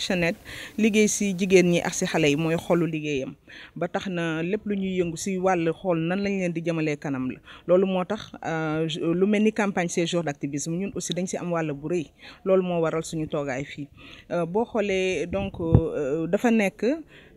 Action'Aid liggéey si jigéen ñi ak si xale yi mooy xolu liggéeyam ba tax na lépp lu ñuy yëngu si wàll xool nan lañ leen di jëmalee kanam la loolu moo tax euh, lu mel ni campagne ces jours ñun aussi dañ si am wàll bu rëy loolu moo waral suñu toogaay fii euh, boo xoolee donc euh, dafa nekk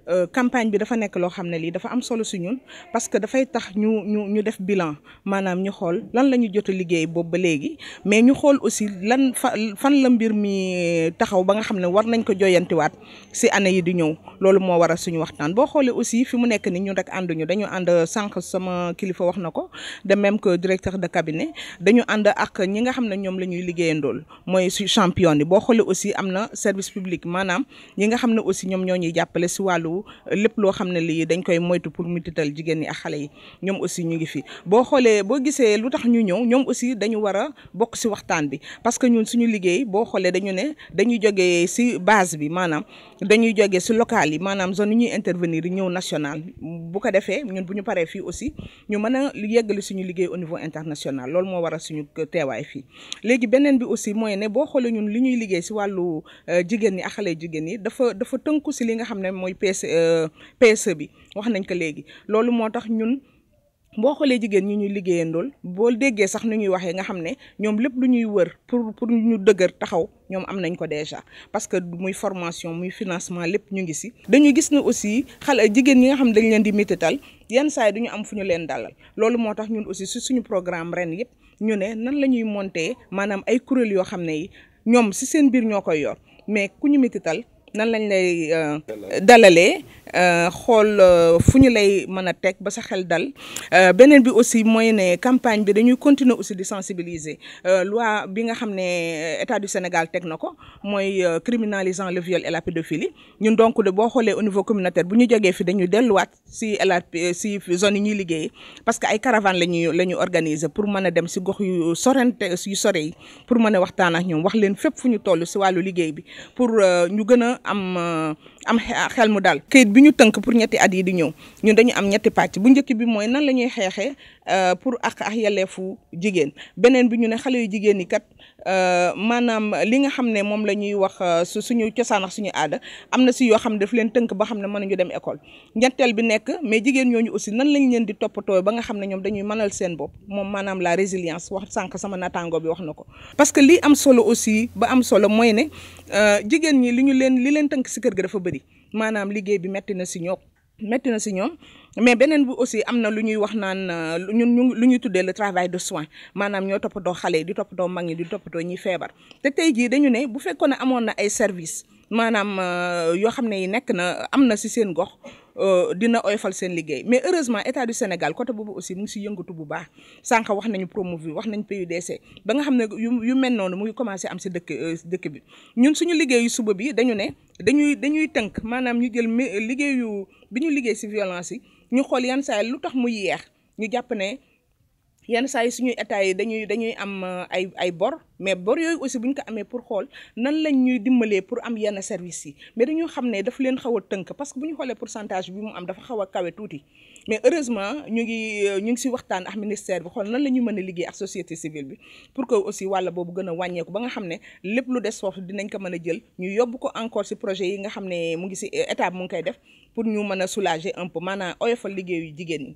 Euh, campagne bi dafa nekk loo xam ne lii dafa am solo si ñun parce que dafay tax ñu ñu ñu def bilan maanaam ñu xool lan la ñu jot liggéey boobu ba léegi mais ñu xool aussi lan fa fan la mbir mi taxaw ba nga xam ne war nañ ko jooyantiwaat si année yi di ñëw loolu moo waral suñu waxtaan boo xoolee aussi fi mu nekk ni ñun rek ànduñu dañu ànd sànq sama kilifa wax na ko de même que directeur de cabinet dañu ànd ak ñi nga xam ne ñoom la ñuy liggéeyandool mooy su champion yi boo xole aussi am na service public maanaam ñi nga xam ne aussi ñoom ñoo ñuy jàppale si wàllu wu lépp loo xam ne lii dañ koy moytu pour mutital jigéen ñi ak xale yi ñoom aussi ñu ngi fi boo xoolee boo gisee lu tax ñu ñëw ñoom aussi dañu war a bokk si waxtaan bi parce que ñun suñu liggéey boo xoolee dañu ne dañuy jógee si base bi maanaam dañuy jógee si local yi maanaam zone ñuy intervenir ñëw national bu ko defee ñun bu ñu paree fii aussi ñu mën a yeggali suñu liggéey au niveau international lool moo waral suñu teewaay fii léegi beneen bi aussi mooy ne boo xoolee ñun li ñuy liggéey si wàllu euh, jigéen ñi ñi dafa PSE euh, bi wax nañ ko léegi loolu moo tax ñun mboo xoolee jigéen ñi ñuy liggéeyandool boo déggee sax nu ñuy waxee nga xam ne ñoom lépp lu ñuy wër pour pour ñu dëgër taxaw ñoom am nañ ko déjà parce que muy formation muy financement lépp ñu ngi si. dañuy gis ne aussi xale jigéen ñi nga xam ne dañ leen di mitital yenn saa yi am fu ñu leen dalal loolu moo tax ñun aussi si suñu programme ren yëpp ñu ne nan la ñuy monter maanaam ay kuréel yoo xam ne yi ñoom si seen biir ñoo koy yor mais ku ñu mitital nan lañ lay euh, dalalee Euh, xool euh, fu ñu lay mën a teg ba sa xel dal euh, beneen bi aussi mooy ne campagne bi dañuy continuer aussi di sensibiliser loi bi nga xam ne état du Sénégal teg na ko mooy criminalisant le viol et la pédophilie ñun donc de boo xoolee au niveau communautaire bu ñu jógee fi dañuy delluwaat si LRP si zone yi ñuy liggéey parce que ay caravane la ñuy la ñuy organiser pour mën a dem si gox yu sorente yu sore yi pour mën a waxtaan ak ñoom wax leen fépp fu ñu toll si wàllu liggéey bi pour ñu gën a am am ñu tënk pour ñetti at yi di ñëw ñun dañu am ñetti pàcc bu njëkk bi mooy nan la ñuy xeexee euh, pour ak ak yelleefu jigéen beneen bi ñu ne xale yu jigéen yi kat euh, maanaam li nga xam ne moom la ñuy wax euh, su suñu cosaan ak suñu aada am na si yoo xam ne daf leen tënk ba xam ne mënuñu dem école ñetteel bi nekk mais jigéen ñooñu aussi nan lañ leen di toppatoo ba xam ne ñoom dañuy mënal seen bopp moom maanaam la résilience wax sànq sama naataango bi wax na ko parce que li am solo aussi ba am solo mooy ne jigéen ñi li ñu leen li leen tënk si kër ga dafa bëri maanaam liggéey bi metti na si ñoom metti na si ñoom mais beneen bu aussi am na lu ñuy wax naan lu euh, ñu lu ñuy tuddee le travail de soin maanaam ñoo toppatoo xale yi di toppatoo mag ñi di toppatoo ñi feebar te tey jii dañu ne bu fekkoon ne amoon na ay service maanaam euh, yoo xam ne yi nekk na am na si seen gox Euh, dina oyofal seen liggéey mais heureusement état du Sénégal côté boobu aussi mu ngi si yëngatu bu baax sànq wax nañu Promovilles wax nañ PUDC ba nga xam ne yu yu mel noonu mu ngi commencé am si dëkk euh, dëkk bi ñun suñu liggéeyu suba bi dañu ne dañuy dañuy tënk maanaam ñu jël liggéeyu bi ñu liggéey si violence yi ñu xool yan saa lu tax mu yeex ñu jàpp ne. yenn saa yi suñuy état yi dañuy dañuy am euh, ay ay bor mais bor yooyu aussi bu ñu ko amee pour xool nan lañ ñuy dimbalee pour am yenn service yi mais dañoo xam ne dafa leen xaw tënk parce que bu ñu xoolee pourcentage bi mu am dafa xaw a kawe tuuti mais heureusement ñu ngi euh, ñu ngi si waxtaan ak ministère bi xool nan la ñuy mën a liggéey ak société civile bi pour que aussi wàlla boobu gën a wàññeeku ba nga xam ne lépp lu des foofu dinañ ko mën a jël ñu yóbbu ko encore si projet yi nga xam ne mu ngi si euh, état mu ngi koy def pour ñu mën a soulager un peu maanaam oyofal liggéeyu jigéen ñi